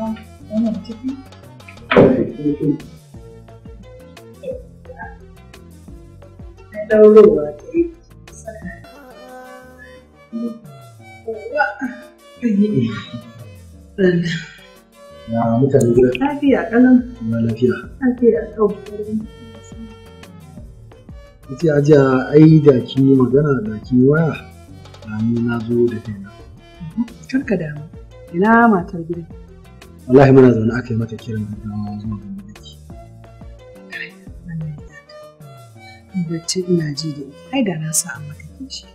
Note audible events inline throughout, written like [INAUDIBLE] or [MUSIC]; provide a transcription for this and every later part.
Tamam. Onu çekin. Na ɗaurowa da ya saka. Ya mutane gida. Lafiya kalam. Na lafiya. Lafiya kau. Ita ajiya ai da kin magana da kin waya. Na ni na zo da Kar ka damu. Ina matar gidan. wallahi muna zaune aka yi mata kiran gaggawa zuwa ga mulki bacci ina ji da ai da na sa mata kishi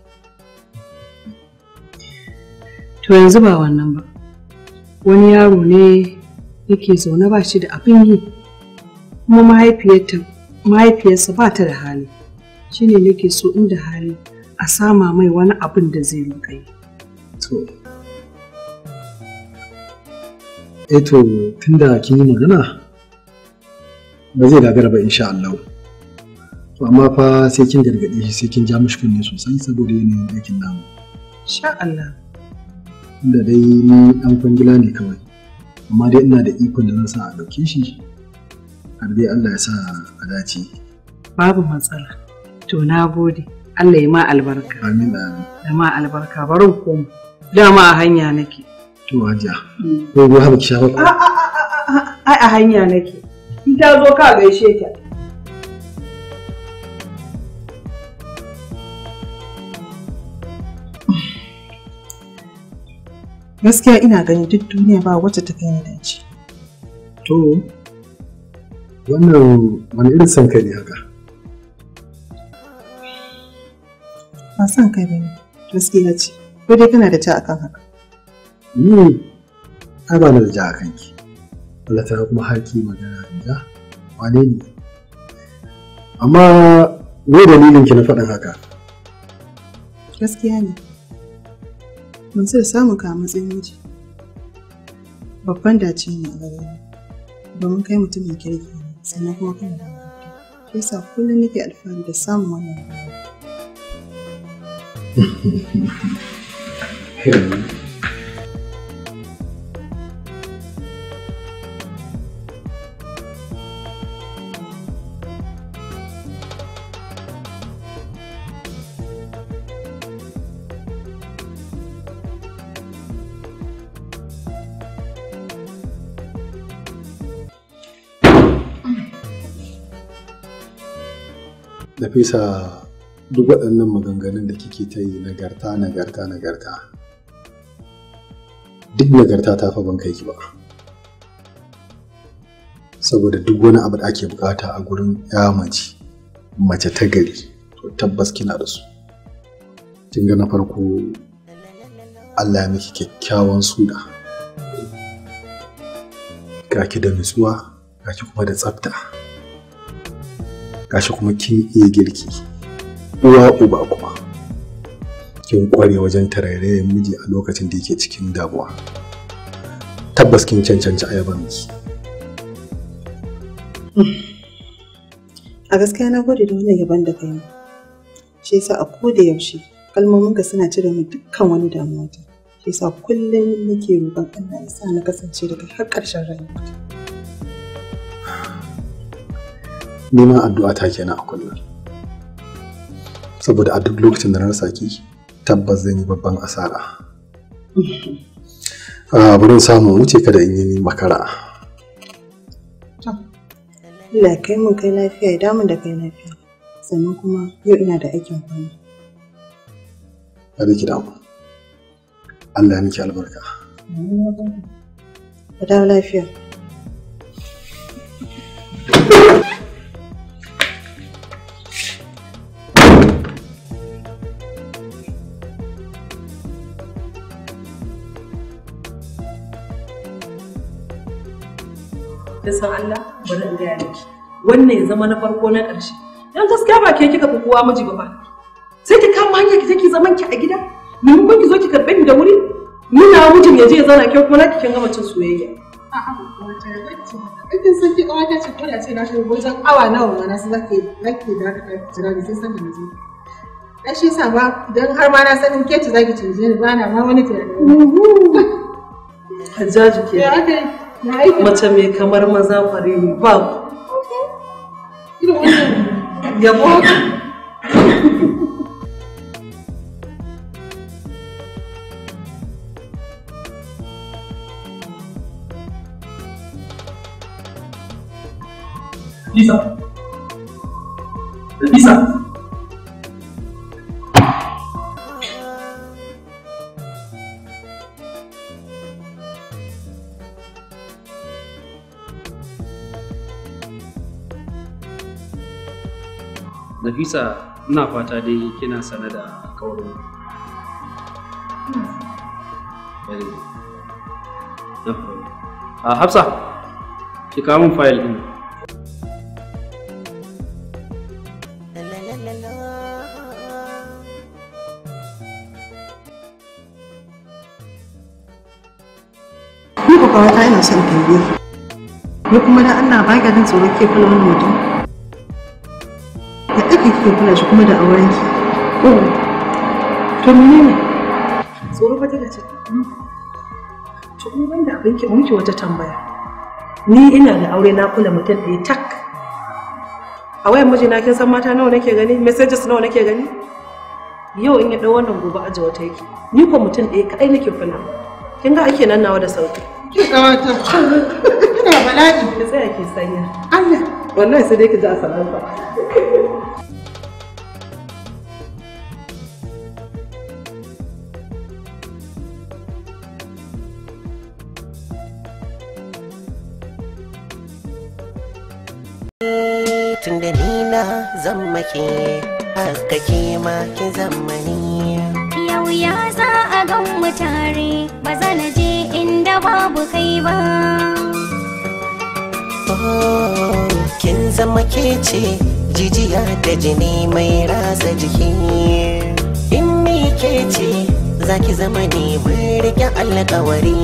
to yanzu ba wannan ba wani yaro ne yake zaune ba shi da abin yi kuma mahaifiyarta mahaifiyarsa ba ta da hali shine nake so inda hali a sama mai wani abin da zai riƙa yi to Eto, eh tunda kin yi magana ba zai gagara ba insha Allah to amma fa sai kin gargaɗe shi sai kin ja mishi kunne sosai saboda yanayin aikin namu insha Allah da dai ni dan kwangila ne kawai amma dai ina da ikon da zan sa a ɗauke shi har dai Allah ya sa a dace babu matsala to na gode Allah ya ma albarka amin ya ma albarka barin komo. dama a hanya nake To hajiya. Mm. Ko ruwa ba ki sha ba ko? Ah, ah, ah, ai a hanya nake. In ta zo ka gaishe ta. Gaskiya ina ganin duk duniya ba wacce ta kai ni To, wannan wani irin son kai ne haka? Ba san kai ne, gaskiya ce. Ko dai kana da ta akan haka. ni ai da ja a kanki Allah ta kuma haki magana da ja wane ne amma me dalilin ki na faɗin haka gaskiya ne mun sai samu ka matsayin miji babban dace ne a gare domin kai mutumin kirki sannan kuma kana da shi sa kullum nake alfahari da samun wannan [LAUGHS] Nafisa duk waɗannan maganganun da kike ta yi nagarta nagarta nagarta duk nagarta ta fa ban kai ki ba saboda duk wani abu da ake bukata a gurin ya mace mace ta gari to tabbas kina da su tun na farko Allah ya miki kyakkyawan suna ga ki da nutsuwa ga ki kuma da tsafta gashi kuma kin iya girki uwa uba kuma kin kware wajen tarairayin miji a lokacin da yake cikin damuwa tabbas kin cancanci ayaban ki a gaskiya na gode da wannan yaban da kai shi yasa a koda yaushe kalmomin kalmominka suna cire min dukkan wani damuwa shi yasa kullum nake roƙon Allah ya sa na kasance daga har ƙarshen rayuwa neman addu'a ta kenan a kullum saboda a duk lokacin da na rasa ki tabbas zan yi babban asara a ah, bari samu wuce kada in yi makara Allah kai mun kai lafiya ya damu da kai lafiya sannan kuma yau ina da aikin kuma da ki damu Allah ya miki albarka ka da lafiya da san Allah bari in gaya miki wannan ya zama na farko na ƙarshe dan gaskiya ba ke kika fi kowa miji ba sai ki kama hanya ki take zaman ki a gida kun ki zo ki karɓe ni da wuri nuna mijin ya je ya zauna ke kuma na kin gama cin soyayya Aikin sun ki kawata ce kwada ce na shi wajen awa nawa ma na su zake zake da ka jira ni, sai san da nazo. Na shi sa ba don har ma na sanin ke ci zaki canje ni ba na ma wani tunani. Hajjaju ke. Ya mace mai kamar maza kware ba yabo Lisa. Lisa. Nafisa ina fata dai kina sane da kaurin. A ah, Hafsa, ki kawo min fayil ɗin. Ni ba kawata ina son tambayi. Ni kuma da Allah ba ka jin tsoro ke kula wani mutum. kike kula shi kuma da auren ki oh to menene tsoro ba take ce to kuma banda abin ki muke wata tambaya ni ina da aure na kula mutum ɗaya tak a wayan mijina kin san mata nawa nake gani messages nawa nake gani yau in ya ɗau wannan gobe aji wata yake ni ko mutum ɗaya kaɗai nake kula kin ga ake nan nawa da sauki ki tsawata [LAUGHS] ina bala'i ki tsaya ki sanya Allah wallahi sai dai ki ji a sanarwa kauna zan make haskake ma ki zamani yau ya za a ga mutare ba za na je inda babu kai ba oh, kin zama ke ce jijiya da jini mai rasa jiki in me ke ce za ki zama ne mun rike alkawari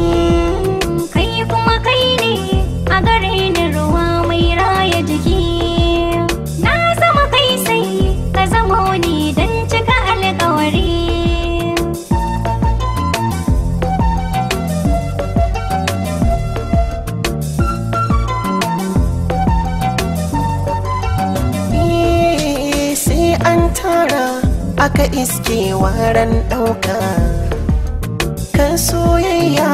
kai kuma kai ne a gare ni iske waran ɗauka kan soyayya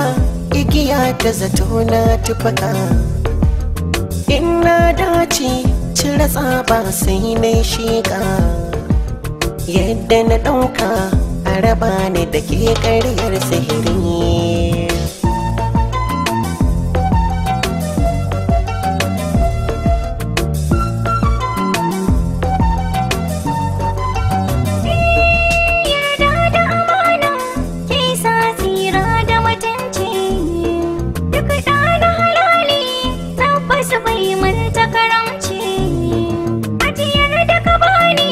igiya ta zato na tufaka ina dace cire tsaba sai na shiƙa yadda na ɗauka a raba ne da ke ƙaryar sihiri su bai manta karamci ajiyar da ka bani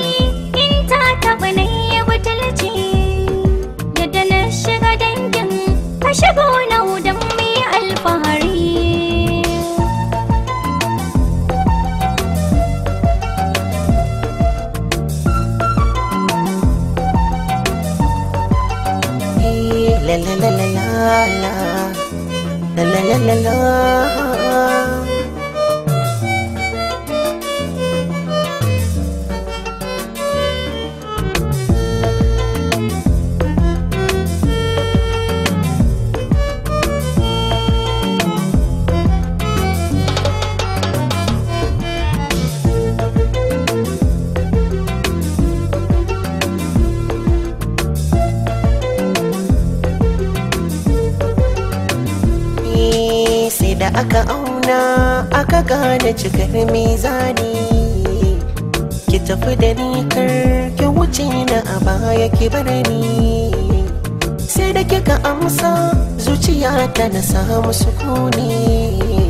in ta taɓa na yi butulci na shiga dangin ka shigo na don mu alfahari La la la la la la la la la la aka auna aka gane cikar mizani ki tafi da ni kar ki wuce na a baya ki bar ni sai da kika amsa zuciya ta na samu sukuni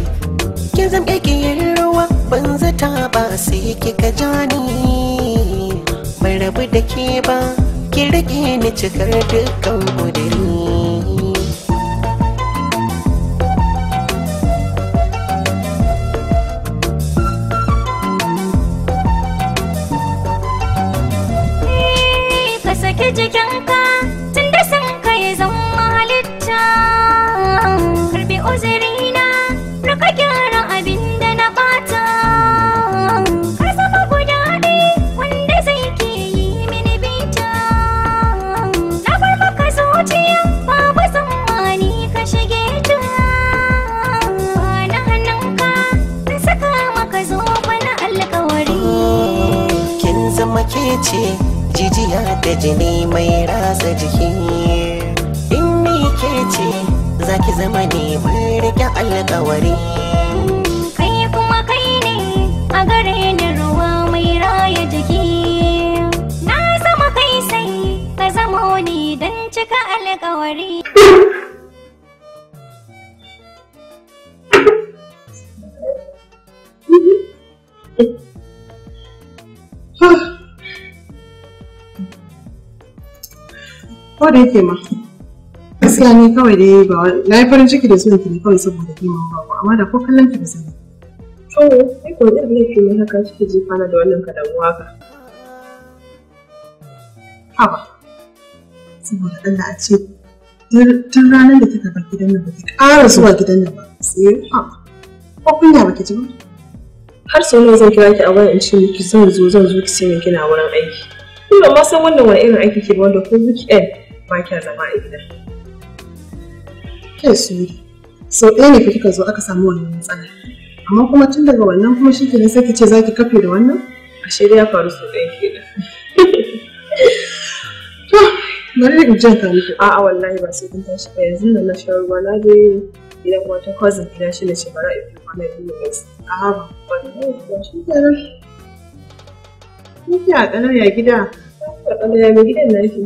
ki zamke yi ruwa ban zata ba sai kika jani ban rabu da ke ba ki rage ni cikar dukkan kudiri jini mai rasa jiki in ni ke ce zaki zama ne mai rike alkawari ko da yake ma gaskiya ne kawai dai ba na yi farin ciki da su ne kawai saboda kiman ba amma da ko kallon ki da sani to ai ko da ke yi haka kike ji da wannan kadamu haka haba saboda Allah a ce tun ranar da kika bar gidan nan ba ki ƙara zuwa gidan nan ba sai haba ko kunya ba ki ji ba har sau nawa zan kira ki a wani in ce miki zan zo zan zo ki sai kina wurin aiki kullum ma san wannan wani irin aiki ke ba wanda ko weekend ba kya zama a gida. Kai suri, sau ɗaya ne fa kika zo aka samu wannan matsala. Amma kuma tun daga wannan kuma shi kenan sai ki ce za ki kafe da wannan? Ashe dai ya faru sau ɗaya kenan. [LAUGHS] To, bari in jan ka miki. A'a wallahi ba sai kun tashi ba yanzu nan na sha ruwa na je gidan wata cousin gida shi ne ce bara in fi kwana biyu da wasu. A'a ba wallahi ba shi kenan. ke a ƙanar ya gida. A ƙanar ya mai gidan na shi.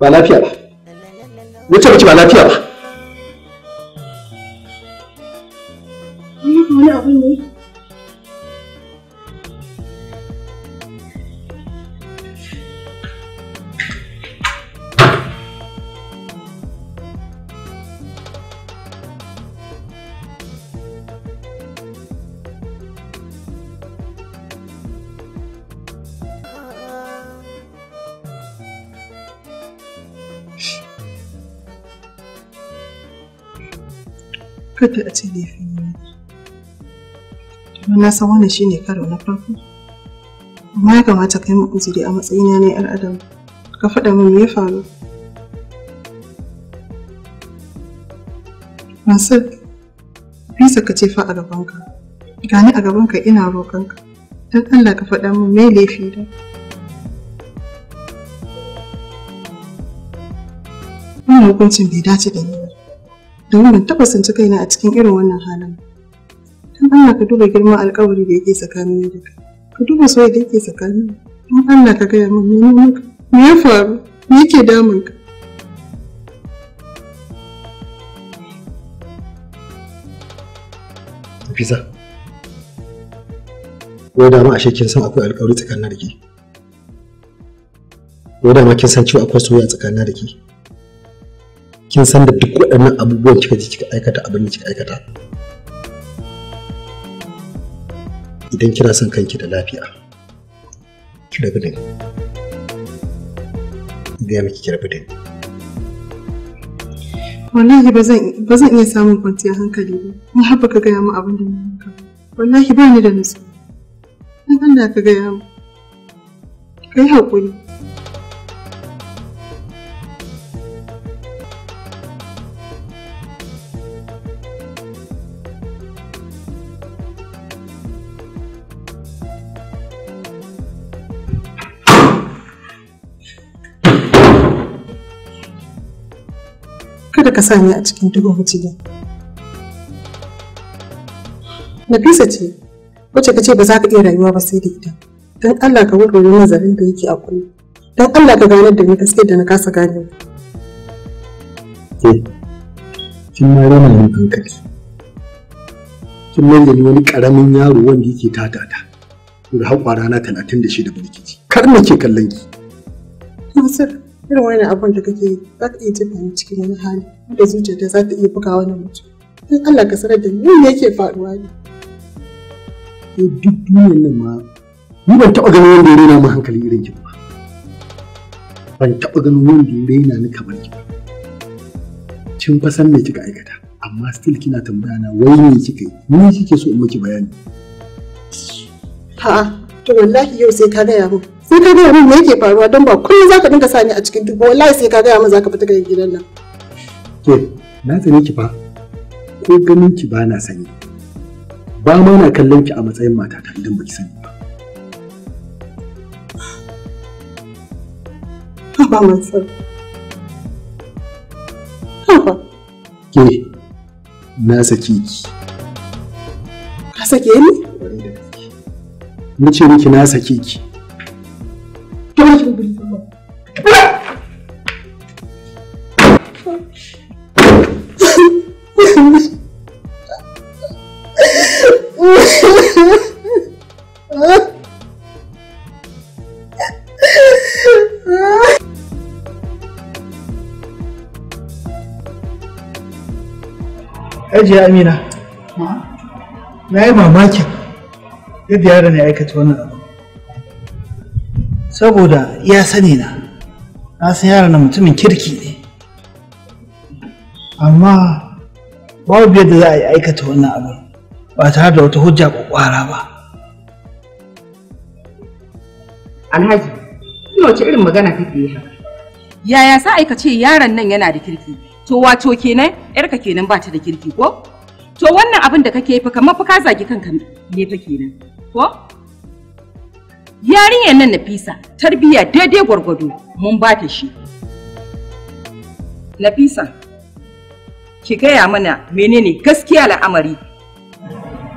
ba lafiya ba wuce ce miki ba lafiya ba wani abu ne kada a ce laifin yi domin na san wannan shine karo na farko amma ya kamata kai min uzuri a matsayina na yar adam ka faɗa min me ya faru Mansur, bisa ka ce fa a gabanka, gani a gabanka ina roƙonka, don Allah ka faɗa min me laifi da. Wannan hukuncin bai dace da ni ba. domin ban taɓa tsinci kaina a cikin irin wannan halin don Allah ka duba girman alkawari da yake tsakanin da ka duba soyayya da yake tsakanin don Allah ka gaya min yi maka me ya faru me yake damun ka Fiza, wai dama ashe kin san akwai alkawari tsakanin da ke. Wai dama kin san cewa akwai soyayya tsakanin da ke. kin san da duk waɗannan abubuwan kika ji kika aikata abin da kika aikata idan kina son kanki da lafiya ki rabu da ni gaya miki ki rabu da ni wallahi ba zan iya samun kwanciyar hankali ba in haɓa ka gaya mu abin da ni ka wallahi ba ni da nutsu in da ka gaya mu kai haƙuri ka sa ni a cikin duhun cikin. Nafisa ce, wacce ka ce ba za ka iya rayuwa ba sai da ita. Don Allah ka warware nazarin da yake a kullum. Don Allah ka ganar da ni gaske da na kasa gane. Ke, eh, kin ma rana yin hankali. Kin nan da ni wani ƙaramin yaro wanda yake tatata. Da haƙwa rana talatin da shida barkici. Kar na ke kallon ki. Nasir, irin wani abin da kake za ka iya jefa ni cikin wani hali wanda zuciyarta za ta iya buga wani mutum don Allah ka sanar da ni me yake faruwa ne. to duk duniyar nan ma ni ban taɓa ganin wanda ya raina mu hankali irin ki ba ban taɓa ganin wanda ya raina ni kamar ki ba kin fa san me kika aikata amma still kina tambaya na wai me kika yi ni kike so in miki bayani ha to wallahi yau sai ka gaya yaro sai ka gaya min me yake faruwa don ba kullum za ka dinga sa ni a cikin duk wallahi sai ka gaya min za ka fita daga gidan nan. Ke, na sani ki fa, ko ganin ki ba na sani. Ba ma na kallon ki a matsayin matata idan ba ki sani ba. Ba ma sani. Ke, na saki ki. Ka sake ni? Na ce miki na saki ki. wani shiga guri kuma. Hajiya Amina, na yi mamakin yadda yaron ya aikata wannan abu. saboda ya sani na na san yaran na mutumin kirki ne amma babu yadda za a yi aikata wannan abin ba tare da wata hujja kwara ba alhaji ina wace irin magana kake yi haka yaya sa aika ce yaron nan yana da kirki to wato kenan yarka kenan ba ta da kirki ko to wannan abin da kake fa kamar fa ka zagi kanka ne fa kenan ko yarinyar nan Nafisa tarbiya daidai gwargwado mun ba ta shi. Nafisa, ki gaya mana menene gaskiya al'amari.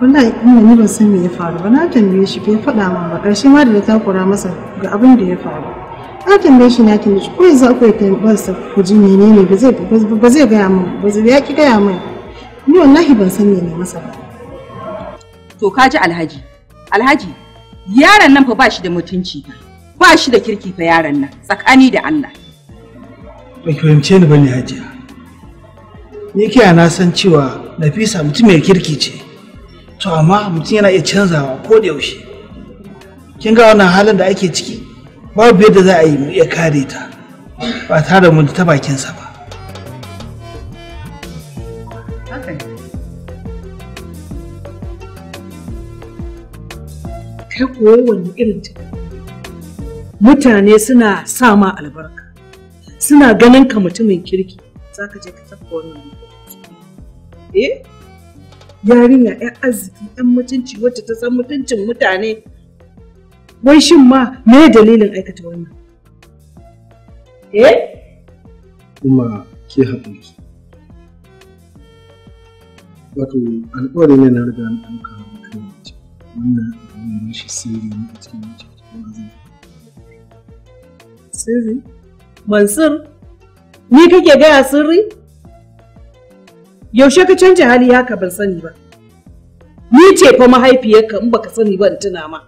Wallahi ina ni ban san me ya faru ba na tambaye shi bai faɗa min ba ƙarshe ma da ta kura masa ga abin da ya faru. Na tambaye shi na tambaye shi ko yanzu akwai tambayarsa ku ji menene ba zai ba zai gaya min ba zai ya ki gaya min. Ni wallahi ban san me ne masa ba. To ka ji Alhaji. Alhaji yaron nan fa ba shi da mutunci ba shi da kirki fa yaron nan tsakani da Allah bai fahimce ni bane hajiya ni ke na san cewa Nafisa mutum mai kirki ce to amma mutum yana iya canzawa ko da yaushe kin ga wannan halin da ake ciki babu yadda za a yi mu iya kare ta ba tare da mun ta bakinsa ba kai kowanne irin ta mutane suna sa ma albarka suna ganin ka mutumin kirki za ka je ka tafka wannan eh yarinya yan arziki yan mutunci wacce ta san mutuncin mutane wai shin ma me dalilin aikata wannan eh kuma ke ki wato alƙawarin yana riga na ɗauka wannan abin da shi sirri ne a cikin zuciya. Sirri? Mansur, ni kake gaya sirri? Yaushe ka canja hali haka ban sani ba. Ni ce fa mahaifiyarka in baka sani ba in tuna ma.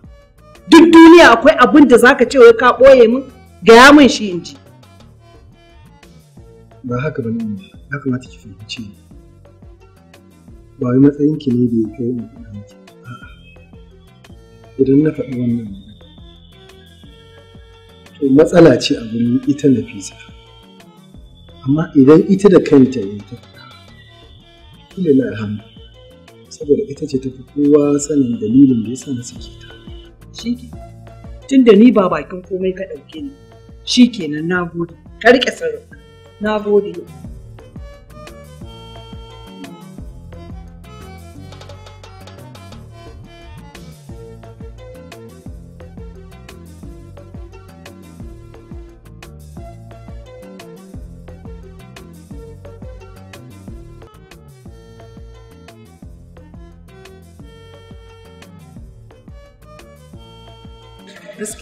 Duk duniya akwai abin da zaka ce wai ka boye min gaya min shi in ji. Ba haka ba ne, ya kamata ki fahimci. Ba wai ki ne da ya kai in faɗa miki. idan na faɗi wannan magana to matsala ce a gurin ita na nafisa amma idan ita da kanta ne ta kula na alhamdu saboda ita ce tafi kowa sanin dalilin da ya sa na sake ta shi tun da ni ba bakin komai ka ɗauke ni shi kenan na gode ka riƙe sarrafa na gode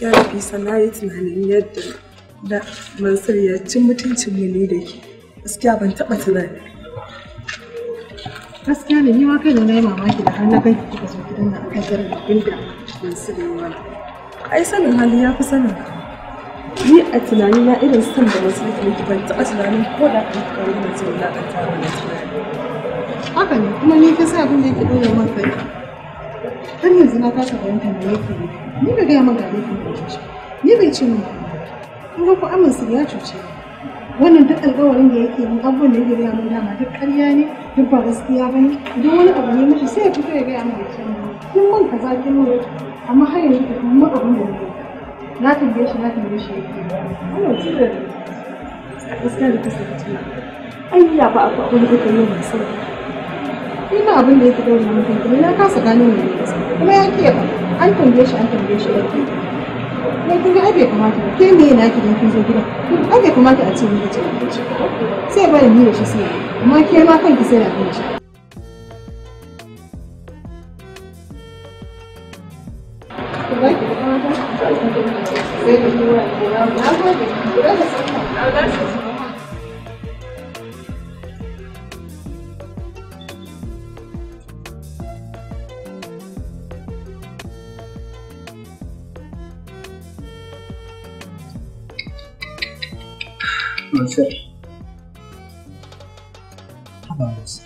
gaskiya da fisa na yi tunanin yadda da mansur ya ci mutuncin mu ne da ke gaskiya ban taɓa tunani gaskiya ne ni ma kai na yi mamaki da har na kai kika zo gidan da aka zara abin mansur ya wani ai sanin hali ya fi sanin ni a tunani na irin san da masu yake ban taɓa tunanin ko da an taɓa yi mace wulaƙanta ba na tunani haka ne kuma ni ka sa abin da yake dole man kai har yanzu na kasa fahimtar da yake yi ni bai gaya min ga laifin da yake shi ni bai ce min kun ga ku aminsu ya cuce wannan duk alƙawarin da yake min abubuwan da yake gaya min dama duk ƙarya ne duk ba gaskiya ba ne idan wani abu ne mashi sai ya fito ya gaya min da ke kin man kaza kin mun amma har yanzu ka kuma abin da yake na tambaye shi na tambaye shi yake wannan tsirar gaskiya da kasa da ce ai ya ba abu abin da yi mai sauki ni ba abin da yake daura maka hankali na kasa gano ne kuma ya ke ba an tambaye shi an tambaye shi da ke ne kin ga abe kamata ke me yana ki dan kin zo gidan abe kamata a ce mu ce sai bari ni da shi sai amma ke ma kanki sai da kanki Thank you. Influencer. Haba Musa.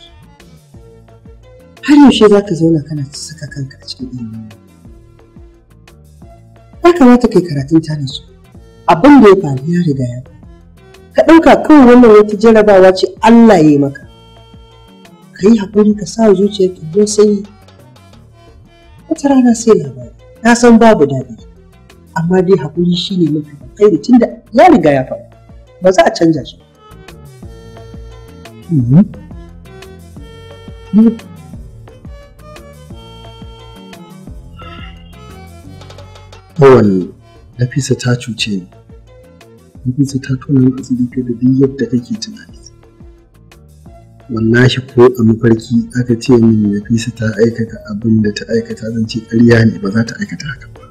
Har yaushe za ka zauna kana saka kanka a cikin ilimi Ya kamata kai karatun tana su. Abin da ya faru ya riga ya Ka ɗauka kawai wannan wata jarabawa ce Allah ya yi maka. Ka yi haƙuri ka sa zuciyarka yi sanyi. Wata rana sai labari. Na san babu daɗi. Amma dai haƙuri shine mafi kai da tunda ya riga ya faru. ba za a canja shi kowane mhm. hmm. nafisa ta cuce ni nafisa ta tona maka tsirika da duk yadda kake tunani wallahi ko a mafarki aka ce min nafisa ta aikata abin da ta aikata zan ce ƙarya ne ba za ta aikata haka ba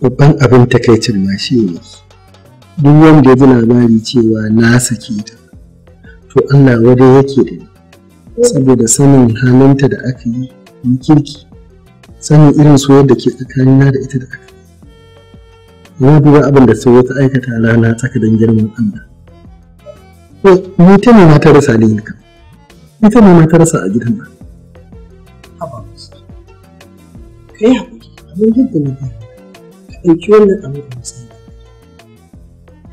babban abin takaicin na shi ne duk wanda ya ji labari cewa na sake ta to Allah wadai yake da ni saboda sanin halinta da aka yi yi kirki sanin irin soyayya da ke tsakanina da ita da aka yi na duba abin da sai ta aikata rana tsaka dan girman Allah ni ta ne na ta rasa ni ka ni ta ne na ta rasa a gidan ba. haba ka yi haƙuri abin da na ka ɗauki wannan abin da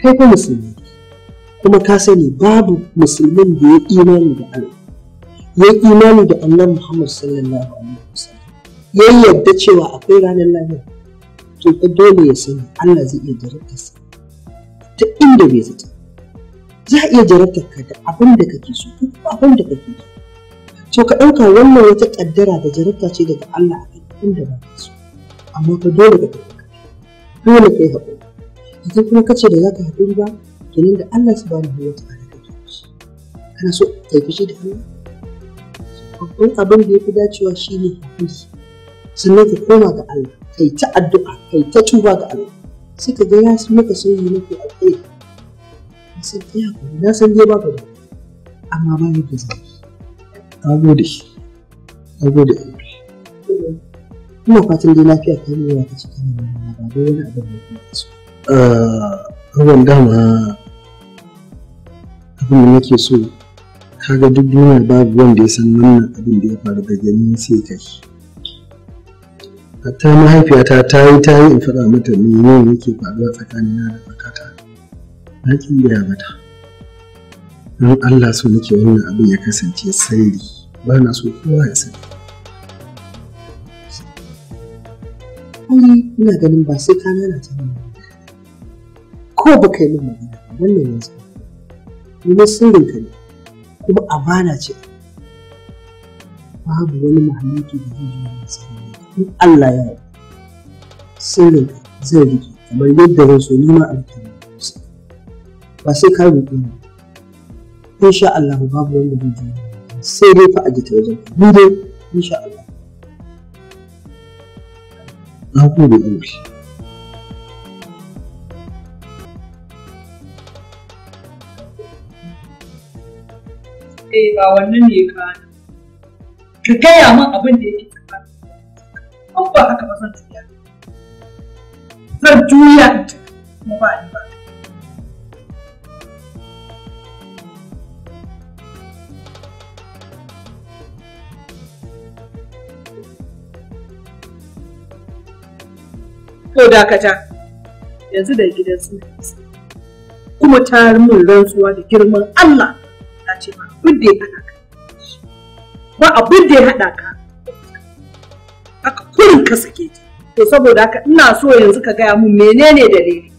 kai fa musulmi kuma ka sani babu musulmin da ya imani da Allah ya imani da Allah Muhammad sallallahu alaihi wasallam ya yarda cewa akwai ranar lahira to ka dole ya sani Allah zai iya jarabta sa ta inda bai zata za a iya jarabta ka da abin da kake so ko abin da kake so to ka ɗauka wannan wata ƙaddara da jarabta ce daga Allah a inda ba ka so amma ka dole ka dole kai haƙuri yanzu kuma kace da za ka haɗu ba kenan da Allah subhanahu wa ta'ala kake shi kana so ka yi fice da Allah babban abin da ya fi dacewa shine hakuri sannan ka koma ga Allah kai ta addu'a kai ta tuba ga Allah sai ka ga ya maka sauyi mafi alkhairi na san yi na san dai baka da amma ba ni da zai ka gode ka gode ina fatan dai lafiya ta yi wa ta cikin wannan ba dai wani abu da ya fi so abubuwan eh, dama abin da nake so kaga duk duniya babu wanda ya san wannan abin da ya faru da gani sai kai hatta mahaifiyata ta yi ta yi in faɗa mata ne yake faruwa tsakanin da bakata na kin gaya mata don Allah so nake wannan abin ya kasance sirri ba na so kowa ya sani Kuri ina ganin ba sai ka nana ta ba. ko ba kai min magana wannan yanzu domin sirrin ka ne kuma amana ce babu wani mahaluki da zai zuwa da tsakanin in Allah ya yi sirrin ka zai rike kamar yadda zan so ma a rikin ba sai ka roƙe ni insha Allah babu wanda zai zuwa sai dai fa a ji ta wajen ni dai insha Allah na gode Allah suka ba wannan ne ya kana ka gaya min abin da yake kana an ba haka ba zan tsaya zan juya kuma ba ni ba To dakata, yanzu da gidan su kuma ta min rantsuwa da girman Allah da ya haɗa ka ba abin da ya haɗa ka aka kurin ka sake to saboda haka ina so yanzu ka gaya mun menene dalili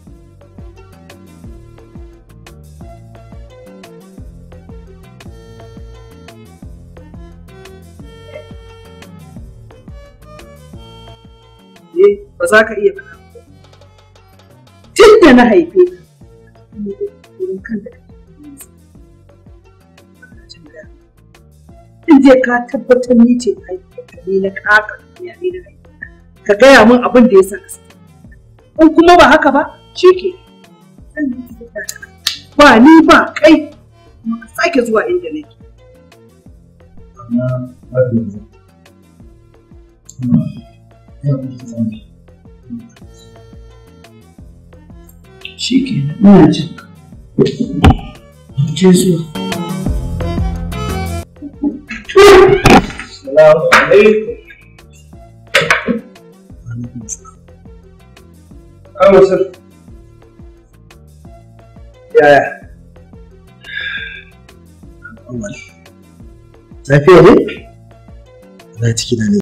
eh, ba za ka iya tun da na haife ka kan da kake je ka tabbatar ni ce aikinka ne na kaka ya ne na aikinka ka gaya min abin da ya sa kasa in kuma ba haka ba shi ke ba ni ba kai kuma ka sake zuwa inda nake shi ke ina jin Jesus. Assalamu alaikum. Kawo sir. Yaya? Lafiya ne? Na ciki da ne.